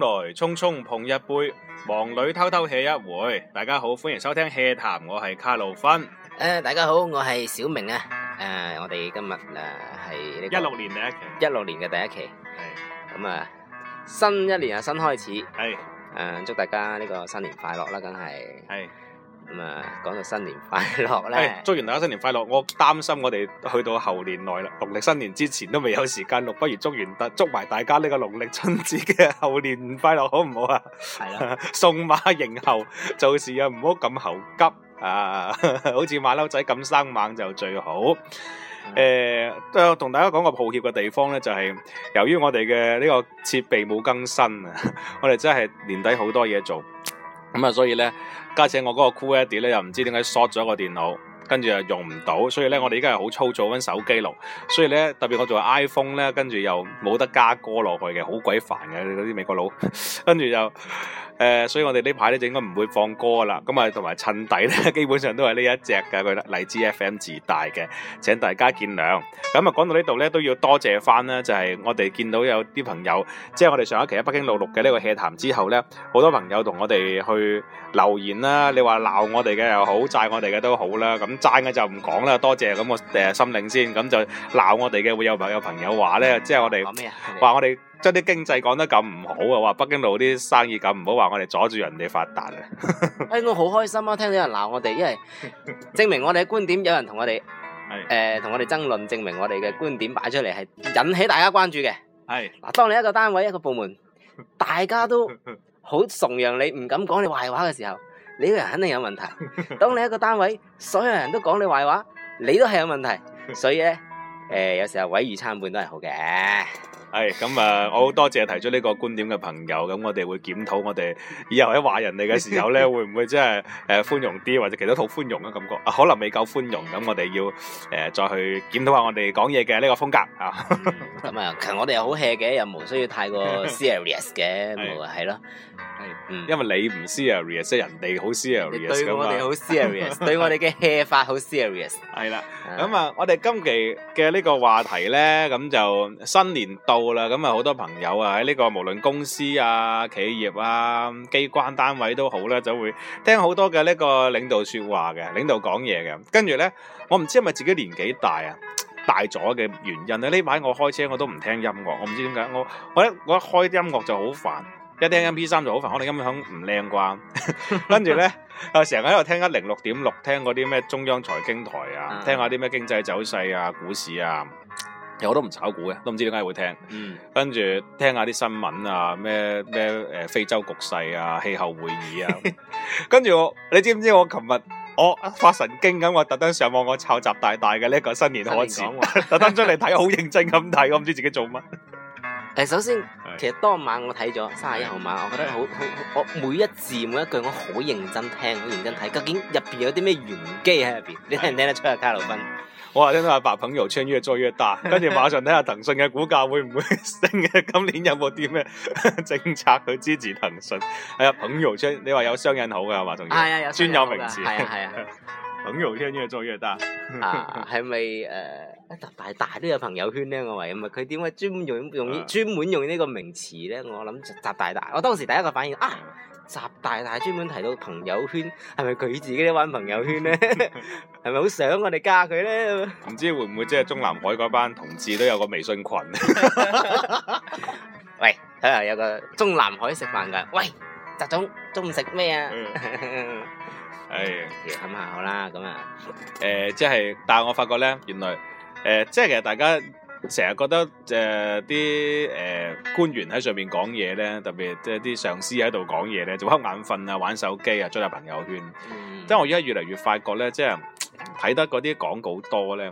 來匆匆碰一杯，忙裏偷偷吃一回。大家好，歡迎收聽戲談，我係卡路芬。誒，大家好，我係小明啊。誒，我哋今日誒係一六年第一期一六年嘅第一期。係。咁啊，新一年啊新開始。係。誒，祝大家呢個新年快樂啦，梗係。係。咁講到新年快樂咧、哎，祝完大家新年快樂。我擔心我哋去到猴年來啦，農曆新年之前都未有時間錄，不如祝完祝埋大家呢個農曆春節嘅猴年快樂，好唔好啊？係啦，送馬迎猴，做事啊唔好咁猴急啊，好似馬騮仔咁生猛就最好。誒、啊嗯呃，我同大家講個抱歉嘅地方咧，就係、是、由於我哋嘅呢個設備冇更新啊，我哋真係年底好多嘢做。咁啊、嗯，所以咧，加上我嗰個酷威迪 Cool Edit 咧，又唔知點解 short 咗個電腦，跟住又用唔到，所以咧，我哋而家係好操作緊手機錄，所以咧，特別我做 iPhone 咧，跟住又冇得加歌落去嘅，好鬼煩嘅嗰啲美國佬， 跟住又。誒、呃，所以我哋呢排咧就應該唔會放歌啦，咁啊同埋襯底咧，基本上都係呢一隻嘅，佢咧荔枝 FM 自帶嘅，請大家見諒。咁啊講到呢度咧，都要多謝翻啦，就係我哋見到有啲朋友，即係我哋上一期喺北京路錄嘅呢個《氣談》之後咧，好多朋友同我哋去留言啦，你話鬧我哋嘅又好，讚我哋嘅都好啦，咁讚嘅就唔講啦，多謝咁我哋心領先，咁就鬧我哋嘅會有朋有朋友話咧，即係我哋話我哋。將啲經濟講得咁唔好啊！話北京路啲生意咁唔好，話我哋阻住人哋發達啊！哎，我好開心啊！聽到有人鬧我哋，因為證明我哋嘅觀點，有人同我哋係誒同我哋爭論，證明我哋嘅觀點擺出嚟係引起大家關注嘅。係嗱，當你一個單位一個部門，大家都好崇揚你，唔敢講你壞話嘅時候，你個人肯定有問題。當你一個單位，所有人都講你壞話，你都係有問題。所以咧，誒有時候毀譽參半都係好嘅。係咁啊！我好多謝提出呢個觀點嘅朋友，咁我哋會檢討我哋以後喺話人哋嘅時候咧，會唔會即係誒寬容啲，或者其他套寬容嘅感覺？啊，可能未夠寬容，咁我哋要誒、呃、再去檢討下我哋講嘢嘅呢個風格啊。咁啊、嗯，其實我哋又好 hea 嘅，又冇需要太過 serious 嘅對，係咯。係、嗯，因為你唔 serious，即人哋好 serious 噶嘛。你對我哋好 serious，對我哋嘅 hea 法好 serious。係啦，咁啊，我哋今期嘅呢個話題咧，咁就新年到。咁啊，好多朋友啊喺呢個無論公司啊、企業啊、機關單位都好啦，就會聽好多嘅呢個領導說話嘅，領導講嘢嘅。跟住呢，我唔知係咪自己年紀大啊大咗嘅原因咧。呢排我開車我都唔聽音樂，我唔知點解。我我一我一開音樂就好煩，一聽 M P 三就好煩。可能音響唔靚啩。跟住 呢，啊成日喺度聽緊一零六點六，聽嗰啲咩中央財經台啊，聽下啲咩經濟走勢啊、股市啊。我都唔炒股嘅，都唔知點解會聽。跟住、嗯、聽下啲新聞啊，咩咩誒非洲局勢啊，氣候會議啊。跟住 我，你知唔知我琴日我發神經咁，我特登上網我湊習大大嘅呢個新年賀詞，嗯、話 特登出嚟睇，好認真咁睇，我唔知自己做乜。誒，首先，的其實當晚我睇咗卅一號晚，我覺得好好，的我每一字每一句我好認真聽，好認真睇，究竟入邊有啲咩玄機喺入邊？你聽唔聽得出啊，下羅賓？的我話聽到阿把朋友圈越做越大，跟住馬上睇下騰訊嘅股價會唔會升嘅？今年有冇啲咩政策去支持騰訊？係、哎、啊，朋友圈你話有雙引號嘅係嘛？仲係啊，有專有名詞。係啊，朋友圈越做越大。啊、呃，係咪誒？習大大都有朋友圈呢？我話咁啊，佢點解專門用用專門用呢個名詞咧？我諗習大大，我當時第一個反應啊，習大大專門提到朋友圈，係咪佢自己都玩朋友圈咧？ 係咪好想我哋加佢咧？唔知會唔會即係中南海嗰班同志都有個微信群？ 喂，睇下有個中南海食飯噶，喂，習總中午食咩啊？唉，諗下好啦，咁啊，誒、呃，即係，但係我發覺咧，原來誒，即係其實大家成日覺得誒啲誒官員喺上面講嘢咧，特別即係啲上司喺度講嘢咧，就瞌眼瞓啊，玩手機啊，追入朋友圈。即係、嗯、我而家越嚟越發覺咧，即係。睇得嗰啲廣告多咧，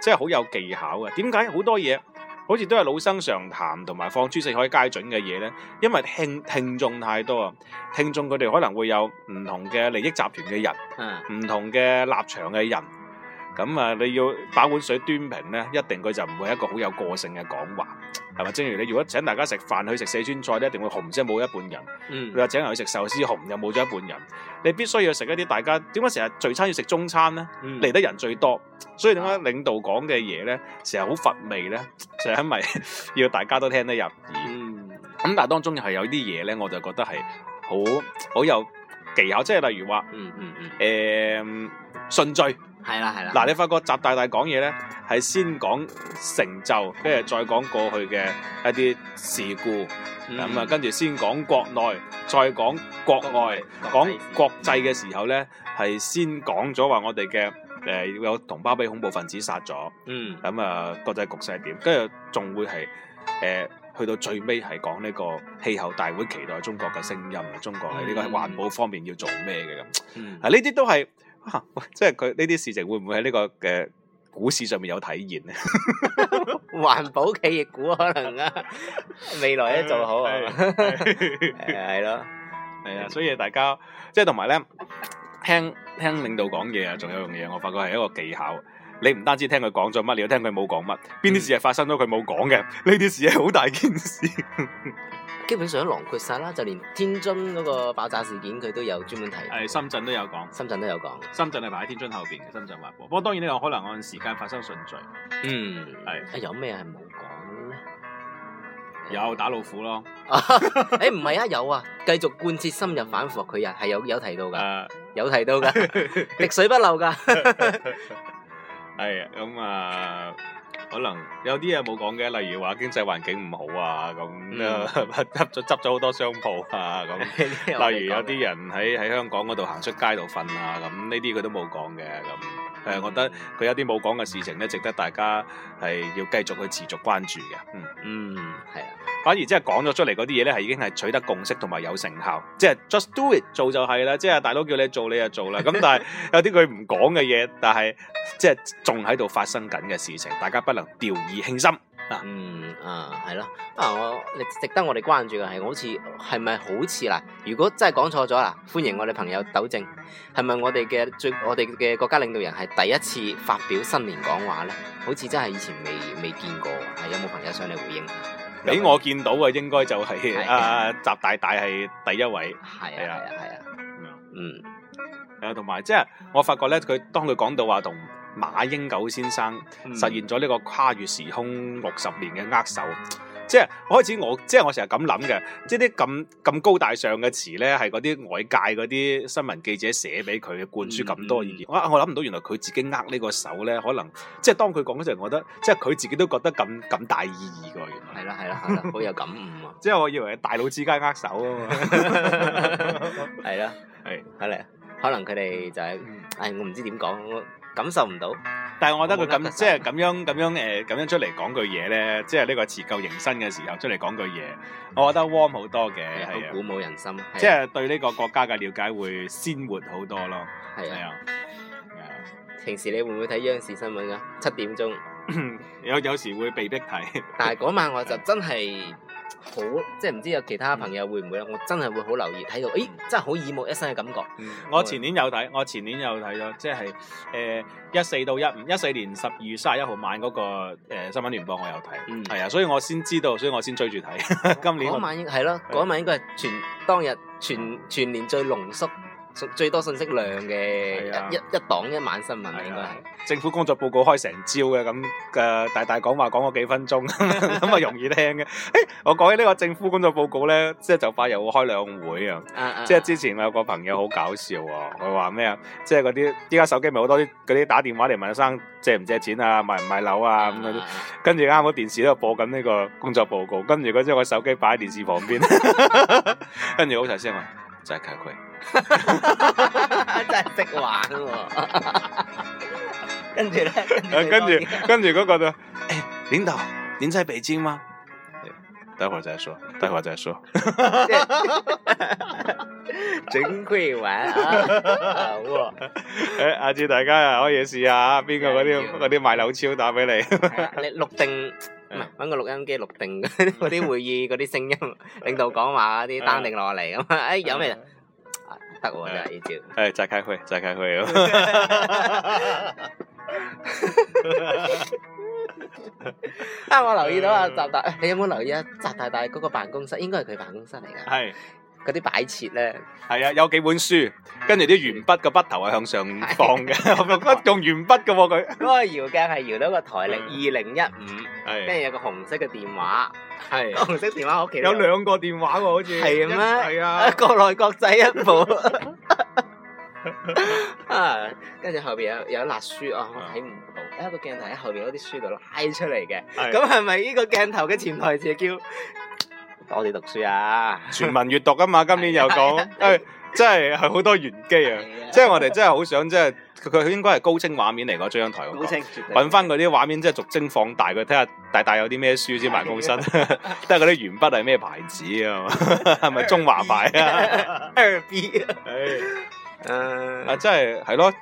即係好有技巧嘅。點解好多嘢好似都係老生常談同埋放諸四海皆準嘅嘢咧？因為聽聽眾太多啊，聽眾佢哋可能會有唔同嘅利益集團嘅人，唔、嗯、同嘅立場嘅人。咁啊，你要把碗水端平咧，一定佢就唔會一個好有個性嘅講話，係咪？正如你如果請大家食飯去食四川菜咧，一定會紅，即係冇一半人；佢話、嗯、請人去食壽司紅，又冇咗一半人。你必須要食一啲大家點解成日聚餐要食中餐咧？嚟、嗯、得人最多，所以點解領導講嘅嘢咧，成日好乏味咧？就係、是、因為要大家都聽得入耳。咁、嗯、但係當中又係有啲嘢咧，我就覺得係好好有。技巧，即係例如話，誒、嗯嗯嗯欸、順序係啦係啦。嗱，你發覺習大大講嘢咧，係先講成就，跟住、嗯、再講過去嘅一啲事故，咁啊、嗯，跟住、嗯、先講國內，再講國外，國國講國際嘅時候咧，係、嗯、先講咗話我哋嘅誒要有同胞俾恐怖分子殺咗，嗯，咁啊、嗯、國際局勢係點，跟住仲會係誒。呃去到最尾係講呢個氣候大會，期待中國嘅聲音啊！中國喺呢個環保方面要做咩嘅咁啊？呢啲、嗯、都係即係佢呢啲事情會唔會喺呢個嘅股市上面有體現咧？環 保企業股可能啊，未來一做好啊，係咯， 係啊，所以大家即係同埋咧，聽聽領導講嘢啊，仲有一樣嘢，我發覺係一個技巧。你唔單止聽佢講咗乜，你要聽佢冇講乜？邊啲事係發生咗佢冇講嘅？呢啲事係好大件事。 基本上都囊括晒啦，就連天津嗰個爆炸事件佢都有專門提。係深圳都有講，深圳都有講，深圳係排喺天津後邊嘅。深圳話，不過當然呢個可能按時間發生順序。嗯，係是。哎、有咩係冇講咧？有打老虎咯、 哎。誒，唔係啊，有啊，繼續貫徹深入反腐，佢又係有有提到噶有提到噶滴水不漏噶係啊，咁啊，可能有啲嘢冇講嘅，例如話經濟環境唔好啊，咁執咗執咗好多商鋪啊，咁， 例如有啲人喺喺香港嗰度行出街度瞓啊，咁呢啲佢都冇講嘅咁。我覺得佢有啲冇講嘅事情咧，值得大家係要繼續去持續關注嘅。嗯嗯，係啊。反而即係講咗出嚟嗰啲嘢咧，係已經係取得共識同埋有成效，即係 just do it 做就係啦。即係大佬叫你做，你就做啦。咁但係有啲佢唔講嘅嘢，但係即係仲喺度發生緊嘅事情，大家不能掉以輕心。嗯啊，係咯啊！我，值得我哋關注嘅係，好似係咪好似啦？如果真係講錯咗啦，歡迎我哋朋友糾正。係咪我哋嘅最，我哋嘅國家領導人係第一次發表新年講話咧？好似真係以前未未見過。係有冇朋友上嚟回應下？俾我見到嘅應該就係啊，習大大係第一位。係啊係啊係啊。嗯。啊，同埋即係我發覺咧，佢當佢講到話同。馬英九先生實現咗呢個跨越時空六十年嘅握手，即係開始我即係、就是、我成日咁諗嘅，即係啲咁咁高大上嘅詞咧，係嗰啲外界嗰啲新聞記者寫俾佢嘅灌輸咁多意見。哇、嗯！我諗唔到原來佢自己握呢個手咧，可能即係、就是、當佢講嗰陣，我覺得即係佢自己都覺得咁咁大意義噶。原來係啦係啦，好有感悟啊！ 即係我以為係大佬之間握手啊嘛，係 啦、 啊，係睇嚟可能佢哋就係、是，唉、哎，我唔知點講。感受唔到，但係我覺得佢咁即係咁樣咁樣誒咁樣，樣、呃、樣出嚟講句嘢咧，即係呢個辭舊迎新嘅時候出嚟講句嘢，我覺得 warm 好多嘅，都鼓舞人心，即係的對呢個國家嘅了解會鮮活好多咯。係啊，係啊，平時你會唔會睇央視新聞噶？七點鐘 有有時會被逼睇， 但係嗰晚我就真係的。好，即係唔知有其他朋友會唔會咧？嗯、我真係會好留意睇到，誒，真係好耳目一新嘅感覺我。我前年有睇，我前年有睇咗，即係誒一四到一五，那個，一四年十二月三十一號晚嗰個新聞聯播我有睇，係啊，嗯，所以我先知道，所以我先追住睇。 今年我晚係咯，嗰的晚應該係全當日全全年最濃縮，最多信息量嘅的一一檔一晚新聞啊，應該係政府工作報告開成朝嘅咁嘅大大話講話講咗幾分鐘，咁 啊容易聽嘅。誒、哎，我講起呢個政府工作報告咧，即係就快又會開兩會啊。即係之前我有個朋友好搞笑、哦、啊，佢話咩啊？即係嗰啲依家手機咪好多啲嗰啲打電話嚟問阿生借唔借錢啊，買唔買樓啊咁嗰啲。跟住啱好電視都播緊呢個工作報告，跟住佢將個手機擺喺電視旁邊，跟住好齊聲話就係佢。」 真係識即玩喎， 跟住咧，跟住 跟住嗰個，個就：「誒、欸，領導，您在北京嗎？待會再說，待會再說， 整會玩啊，好喎、啊，誒、哎，下次大家又可以試下邊個嗰啲嗰啲賣樓超打俾你， 啊、你錄定唔係，搵個錄音機錄定嗰啲 會議嗰啲聲音，領導講話啲單定落嚟咁，誒、哎，有咩？ 我咧依舊，哎，在開會，在開會哦。哈， 我留意到啊，習大，你有冇留意啊？習大大嗰個辦公室？應該係佢辦公室嚟噶，係嗰啲擺設咧，係啊擺，有幾本書。跟住啲鉛筆個筆頭係向上放嘅，筆用鉛筆嘅喎佢。嗰個搖鏡係搖到個台歷二零一五，跟住有個紅色嘅電話，紅色電話好奇。有兩個電話喎，好似係咩？係啊，國內國際一部。啊，跟住後邊有有啲書，我睇唔到。一個鏡頭喺後邊嗰啲書度拉出嚟嘅，咁係咪呢個鏡頭嘅潛台詞叫我哋讀書啊？全民閲讀啊嘛，今年又講。即係係好多玄機啊！啊，即係我哋真係好想，即係佢佢應該係高清畫面嚟講，中央台嗰、嗰個，揾翻嗰啲畫面，即係逐幀放大佢睇下大大有啲咩書、之埋公身，即係嗰啲鉛筆係咩牌子啊？係 咪中華牌啊？二 B 啊！ 啊！即係係咯，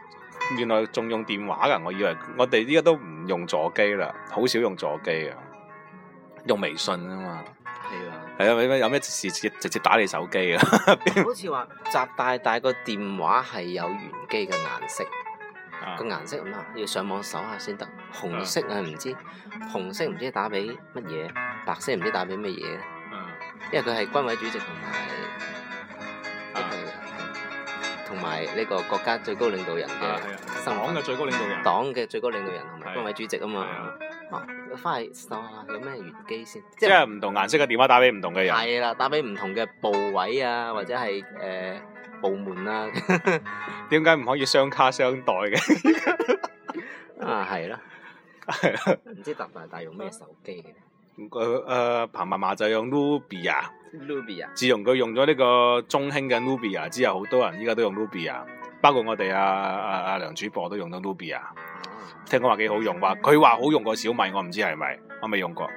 原來仲用電話㗎，我以為我哋依家都唔用座機啦，好少用座機啊，用微信啊嘛～係啊，有咩有咩事直接打你手機 啊？好似話習大大個電話係有玄機嘅顏色，個顏色咁啊，要上網搜下先得。紅色啊，唔知紅色唔知打俾乜嘢，白色唔知打俾乜嘢。嗯、啊，因為佢係軍委主席同埋同埋呢個國家最高領導人嘅。啊，係黨嘅最高領導人。黨嘅最高領導人同埋軍委主席啊嘛？翻、啊、去 Star、啊、有咩原機先？即係唔同顏色嘅電話打俾唔同嘅人。係啦，打俾唔同嘅部位啊，或者係誒、呃、部門啦、啊。點解唔可以雙卡雙待嘅？ 啊，係啦，係唔 知特大大用咩手機嘅？佢誒、呃、彭嫲嫲就用努比啊，努比啊！自從佢用咗呢個中興嘅努比啊，之後好多人依家都用努比啊，包括我哋阿阿阿梁主播都用到努比啊。聽講話幾好用，話佢話好用過小米，我唔知係咪，我未用過。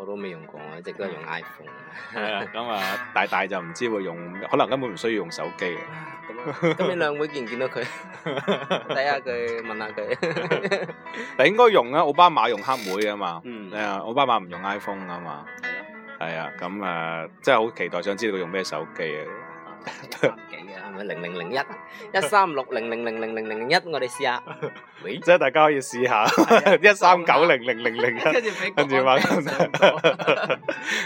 我都未用過，一直都係用 iPhone 對。咁 啊，大大就唔知會用，可能根本唔需要用手機。 嗯咁你兩會見唔見到佢？睇下佢，問下佢。 你應該用啊，奧巴馬用黑莓啊嘛。嗯。你啊，奧巴馬唔用 iPhone 啊嘛。係啊的。係啊，咁啊、呃，真係好期待，想知道佢用咩手機啊。幾啊，係咪零零零一，一三六零零零零零零一，我哋試下，即係大家可以試下，一三九零零零零一，跟住俾，跟住嘛，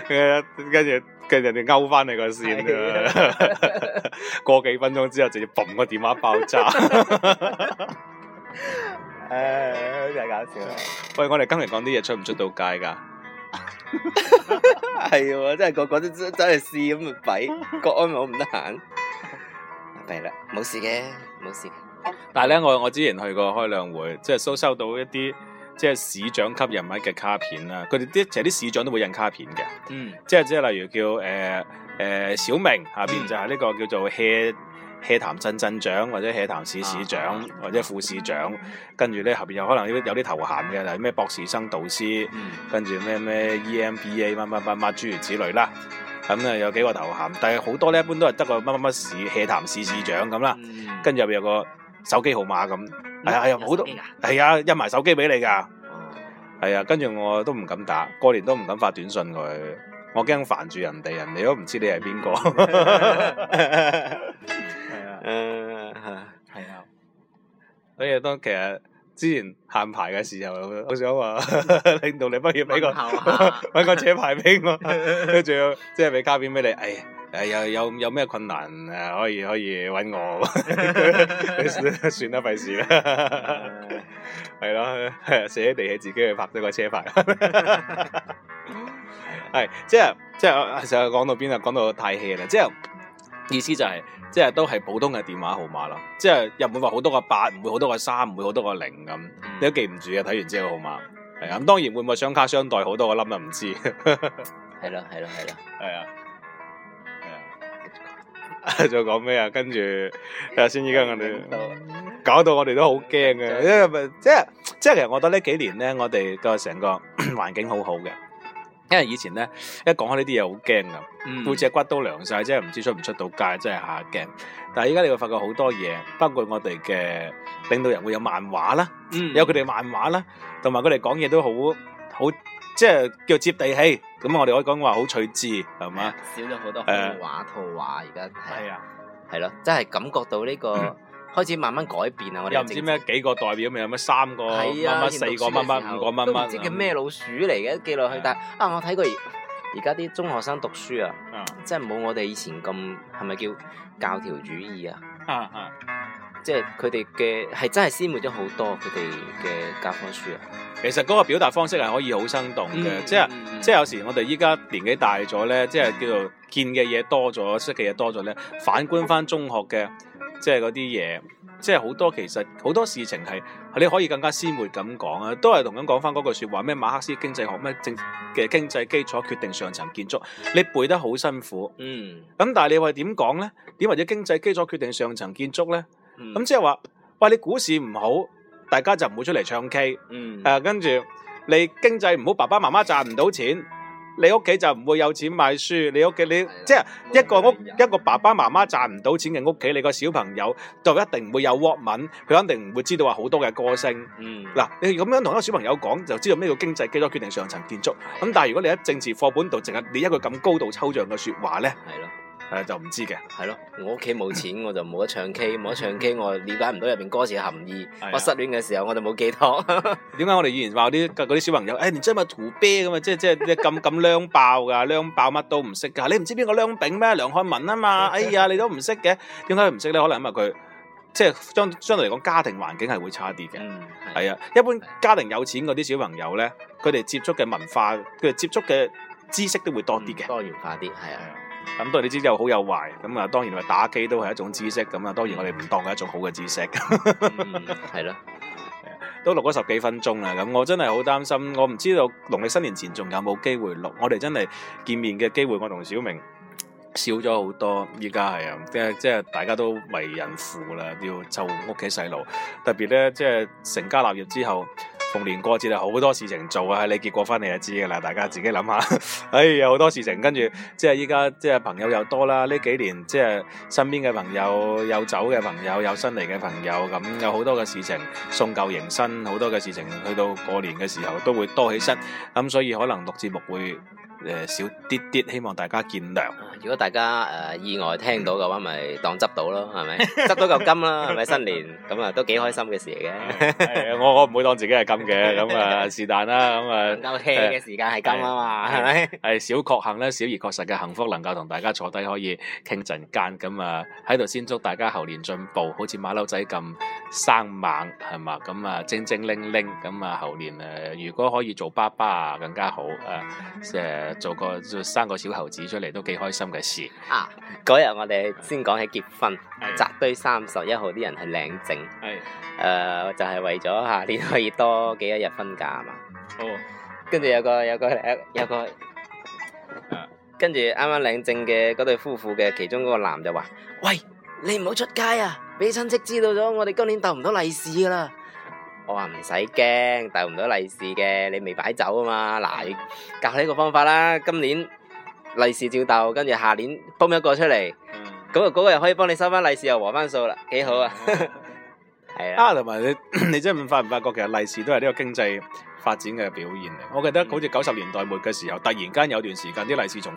跟住跟住跟人哋勾翻你個線，啊、 過幾分鐘之後直接嘣個電話爆炸，誒、 哎，真係搞笑！喂，我哋今日講啲嘢出唔出到街噶？係喎、 哎，真係個個都真係試咁嚟比，國安我唔得閒，弊啦，冇事嘅，冇事嘅。但係咧，我我之前去過開兩會，即係都收到一啲即係市長級人物嘅卡片啦。佢哋啲其實啲市長都會印卡片嘅，嗯，即係即係例如叫誒誒、呃呃、小明下邊就係呢個叫做 head 茄潭鎮鎮長或者茄潭市市長或者副市長，跟住咧後邊有可能有啲頭銜嘅，係咩博士生導師，嗯、跟住咩咩 EMBA 乜乜乜乜諸如此類啦。咁、嗯、啊有幾個頭銜，但係好多咧一般都係得個乜乜乜市茄潭市市長咁啦。跟住入邊有個手機號碼咁，係啊係啊好多，係啊印埋手機俾你㗎。係啊，跟住我都唔敢打，過年都唔敢發短信佢，我驚煩住人哋，人哋都唔知你係邊個。 誒，係、uh, 啊，所以當其實之前限牌嘅時候，我想話 領導你不如俾個搵 個車牌俾我，跟住要即係俾卡片俾你。誒，誒有有有咩困難誒，可以可以揾我。 算啦，費事啦，係 咯， 寫地氣自己去拍咗個車牌。係， 即係即係成日講到邊啊？講到太氣啦，即、就、係、是。意思就係、是，即係都係普通嘅電話號碼啦，即係又唔會話好多個八，唔會好多個三，唔會好多個零咁，嗯、你都記唔住嘅。睇完之後個號碼，係啊，咁當然會唔會雙卡雙待好多個 number 唔知。係咯係咯係咯，係啊，係啊，繼續講咩啊？跟住睇下先，依家我哋 搞到我哋都好驚嘅，因為 即係即係，其實我覺得呢幾年咧，我哋都係成個環境好好嘅。因為以前咧，一講開呢啲嘢好驚噶，背脊、嗯、骨都涼晒，即係唔知出唔出到街，真係吓驚。但係而家你會發覺好多嘢，包括我哋嘅領導人會有漫畫啦，嗯、有佢哋漫畫啦，同埋佢哋講嘢都好好，即係叫接地氣。咁我哋可以講話好趣致，係嘛？少咗好多畫套話，而家係啊，係咯、啊啊啊，真係感覺到呢、這個。嗯開始慢慢改變啊！我哋又唔知咩幾個代表咪，有咩三個、乜乜、啊、四個、乜乜，五個、乜乜，都唔知叫咩老鼠嚟嘅，記落去的但啊！我睇過而家啲中學生讀書啊，即係冇我哋以前咁係咪叫教條主義啊？嗯嗯的，即係佢哋嘅係真係鮮活咗好多佢哋嘅教科書啊！其實嗰個表達方式係可以好生動嘅，即係即係有時我哋依家年紀大咗咧，即係叫做見嘅嘢多咗，識嘅嘢多咗咧，反觀翻中學嘅。即係嗰啲嘢，即係好多其實好多事情係，你可以更加鮮活咁講啊。都係同樣講翻嗰句説話咩馬克思經濟學，咩政嘅經濟基礎決定上層建築。你背得好辛苦，嗯，咁但係你話點講呢？點或者經濟基礎決定上層建築呢？咁即係話喂，你股市唔好，大家就唔會出嚟唱 K，誒、嗯，跟住、啊、你經濟唔好，爸爸媽媽賺唔到錢。你屋企就唔會有錢買書，你屋企你即係一個屋一個爸爸媽媽賺唔到錢嘅屋企，你個小朋友就一定唔會有沃敏，佢肯定唔會知道話好多嘅歌星。嗱、嗯，你咁樣同一個小朋友講，就知道咩叫經濟基礎決定上層建築。咁但係如果你喺政治課本度淨係列一個咁高度抽象嘅說話咧，係咯。誒，就唔知嘅，係咯。我屋企冇錢，我就冇得唱 K，冇得唱 K，我理解了解唔到入邊歌詞嘅含義。的我失戀嘅時候，我就冇寄託。點 解我哋以前話啲嗰啲小朋友，誒、哎，你知唔知屠啤咁啊？即係即係咁咁娘爆噶，娘爆乜都唔識噶。你唔知邊個娘炳咩？梁漢文啊嘛。哎呀，你都唔識嘅。點解唔識咧？可能因為佢即係相相對嚟講，講家庭環境係會差啲嘅。係啊、嗯，一般家庭有錢嗰啲小朋友咧，佢哋接觸嘅文化，佢哋接觸嘅知識都會多啲嘅，多元化啲。係啊。咁都係你知識有好有壞，咁啊當然話打機都係一種知識，咁啊當然我哋唔當係一種好嘅知識，係 咯、嗯，都錄咗十幾分鐘啦，咁我真係好擔心，我唔知道農曆新年前仲有冇機會錄，我哋真係見面嘅機會，我同小明少咗好多，依家係啊，即係即係大家都為人父啦，要湊屋企細路，特別咧即係成家立業之後。逢年過節啊，好多事情做啊，你結過婚你就知㗎啦。大家自己諗下，哎，有好多事情，跟住即係依家即係朋友又多啦。呢幾年即係身邊嘅朋友有走嘅朋友有新嚟嘅朋友，咁有好多嘅事情送舊迎新，好多嘅事情，去到過年嘅時候都會多起身，咁所以可能錄節目會。誒，少啲啲，希望大家見諒。如果大家誒意外聽到嘅話，咪當執到咯，係咪？執到嚿金啦，係咪？新年，咁啊，都幾開心嘅事嚟嘅。係啊，我我唔會當自己係金嘅，咁啊是但啦，咁啊夠 hea 嘅時間係金啊嘛，係咪？係小確幸咧，小而確實嘅幸福，能夠同大家坐低可以傾陣間。咁啊，喺度先祝大家猴年進步，好似馬騮仔咁生猛，係嘛？咁啊，精精靈靈，咁啊，猴年誒，如果可以做爸爸啊，更加好誒誒！做個做生個小猴子出嚟都幾開心嘅事啊！嗰日我哋先講起結婚，紮堆三十一號啲人去領證，誒、呃、就係為咗下年可以多幾一日婚假啊嘛。哦，跟住有個有個有個，跟住啱啱領證嘅嗰對夫婦嘅其中嗰個男就話：「喂，你唔好出街啊！俾親戚知道咗，我哋今年逗唔到利是㗎喇。我話唔使驚，斗唔到利是嘅，你未擺酒啊嘛。嗱，你教你一個方法啦，今年利是照斗，跟住下年泵一個出嚟，咁啊嗰個又可以幫你收翻利是又和翻數啦，幾好 的啊，係啊，啊同埋你你真係唔發唔發覺，其實利是都係呢個經濟發展嘅表現嚟，我記得好似九十年代末嘅時候，嗯、突然間有段時間啲利是從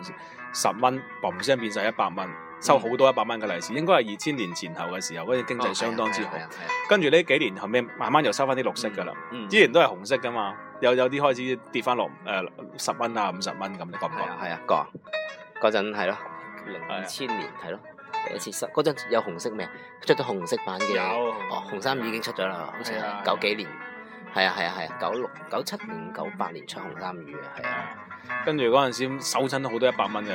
十蚊嘣聲變晒一百蚊。收好多一百蚊嘅利是，應該係二千年前後嘅時候，嗰陣經濟相當之好。跟住呢幾年後尾慢慢又收翻啲綠色噶啦。之前都係紅色噶嘛，有有啲開始跌翻落誒十蚊啊、五十蚊咁你覺唔覺？係啊係啊，嗰嗰陣係咯，二千年係咯，第一次失嗰陣有紅色咩？出咗紅色版嘅，哦，紅衫已經出咗啦，好似係九幾年。係啊係啊係啊，九六、九七年、九八年出紅衫魚啊，係啊，跟住嗰陣時收親都好多一百蚊嘅，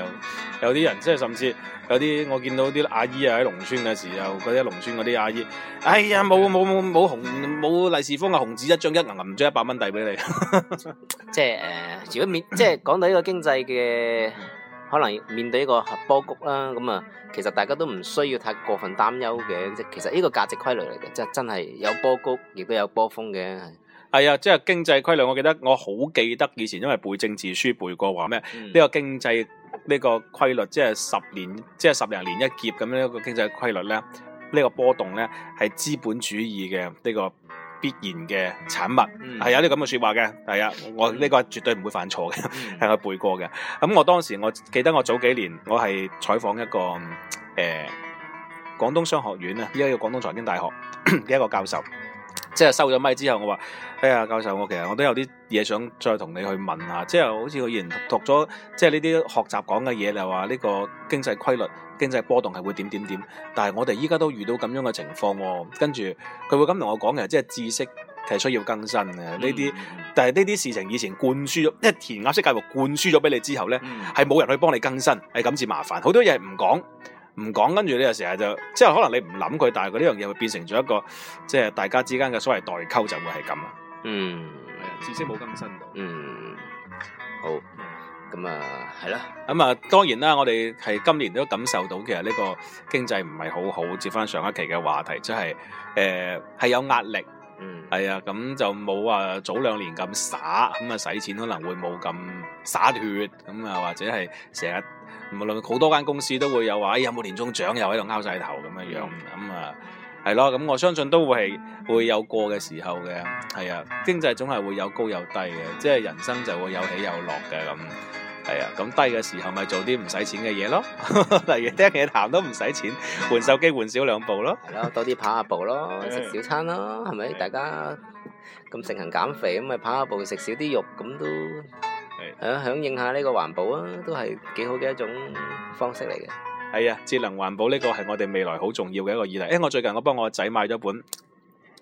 有啲人即係甚至有啲我見到啲阿姨啊喺農村嘅時候，嗰啲農村嗰啲阿姨，哎呀冇冇冇冇紅冇利是封啊，紅紙一張一銀唔張一百蚊遞俾你， 即係誒，如果免即係講到呢個經濟嘅。可能面對一個波谷啦，咁啊，其實大家都唔需要太過分擔憂嘅，即其實呢個價值規律嚟嘅，即係真係有波谷，亦都有波峰嘅。係啊，即係、哎就是、經濟規律。我記得我好記得以前因為背政治書背過話咩？呢、嗯、個經濟呢、呢個規律，即係十年，即、就、係、是、十零年一劫咁樣一個經濟規律咧。呢、呢個波動咧係資本主義嘅呢、呢個。必然嘅產物，係、嗯、有啲咁嘅説話嘅，係啊，嗯、我呢個絕對唔會犯錯嘅，係、嗯、 我背過嘅。咁我當時我記得我早幾年我係採訪一個誒、呃、廣東商學院咧，依家叫廣東財經大學嘅一個教授，即係收咗麥之後，我話：「哎呀，教授，我其實我都有啲嘢想再同你去問下。」即係好似佢以前讀咗，即係呢啲學習講嘅嘢，就話呢個經濟規律、經濟波動係會點點點。但係我哋依家都遇到咁樣嘅情況喎。跟住佢會咁同我講嘅，即係知識係需要更新嘅呢啲。嗯、但係呢啲事情以前灌輸咗，即係填鴨式教育灌輸咗俾你之後咧，係冇、嗯、人去幫你更新，係咁至麻煩。好多嘢唔講。唔講，跟住呢個時候，就，即係可能你唔諗佢，但係佢呢樣嘢會變成咗一個，即係大家之間嘅所謂代溝，就會係咁啊。嗯，知識冇更新到。嗯，好。咁啊，係啦。咁啊、嗯，當然啦，我哋係今年都感受到，其實呢個經濟唔係好好。接翻上一期嘅話題，就是，即、呃、係，誒，係有壓力。係啊，咁就冇話早兩年咁灑，咁啊使錢可能會冇咁灑脫，咁啊或者係成日無論好多間公司都會有話，哎，有冇年終獎又喺度拗晒頭咁樣樣，咁啊係咯，咁我相信都會係會有過嘅時候嘅，係啊，經濟總係會有高有低嘅，即係人生就會有起有落嘅咁。係啊，咁低嘅時候咪做啲唔使錢嘅嘢咯， 例如聽嘢談都唔使錢，換手機換少兩部咯，係咯，多啲跑下步咯，食少、 啊、餐咯，係咪？啊、大家咁盛行減肥咁咪跑下步，食少啲肉咁都係啊，響應下呢個環保啊，都係幾好嘅一種方式嚟嘅。係啊，節能環保呢個係我哋未來好重要嘅一個議題。誒、欸，我最近我幫我仔買咗本。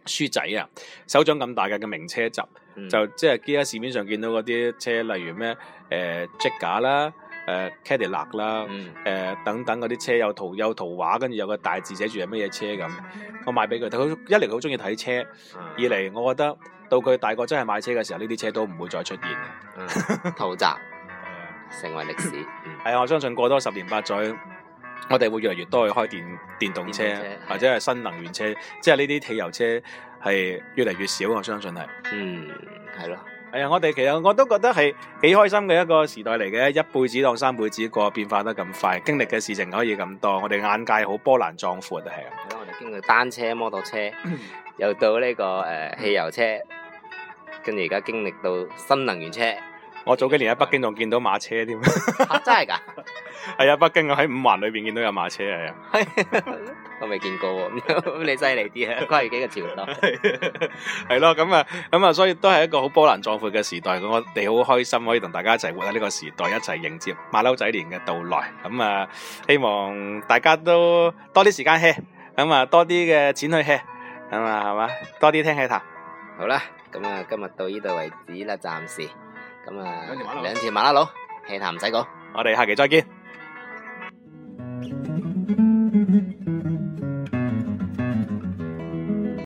書仔啊，手掌咁大嘅嘅名車集，嗯、就即係喺市面上見到嗰啲車，例如咩誒積架啦、Cadillac 啦、誒等等嗰啲車，有圖有圖畫，跟住有個大字寫住係乜嘢車咁，我賣俾佢。佢一嚟好中意睇車，二嚟我覺得到佢大個真係買車嘅時候，呢啲車都唔會再出現。圖 集成為歷史、嗯哎，係啊！我相信過多十年八載。我哋會越嚟越多去開電電動車，動車或者係新能源車，的即係呢啲汽油車係越嚟越少，我相信係。嗯，係咯，係啊、哎！我哋其實我都覺得係幾開心嘅一個時代嚟嘅，一輩子當三輩子過，變化得咁快，經歷嘅事情可以咁多，我哋眼界好波瀾壯闊，係啊。係咯，我哋經過單車、摩托車， 又到呢、這個誒、呃、汽油車，跟住而家經歷到新能源車。我早幾年喺北京仲見到馬車添、 啊，真係噶？係啊， 北京我喺五環裏邊見到有馬車係啊， 我未見過，咁 你犀利啲啊？跨越幾個 時代，係咯，咁啊，咁啊，所以都係一個好波瀾壯闊嘅時代，咁我哋好開心可以同大家一齊活喺呢個時代一齊迎接馬騮仔年嘅到來。咁啊，希望大家都多啲時間 hea，咁啊多啲嘅錢去 hea，咁啊係嘛，多啲聽氣頭。好啦，咁啊今日到呢度為止啦，暫時。兩條、啊、馬拉路，其他唔使講，我哋下期再見。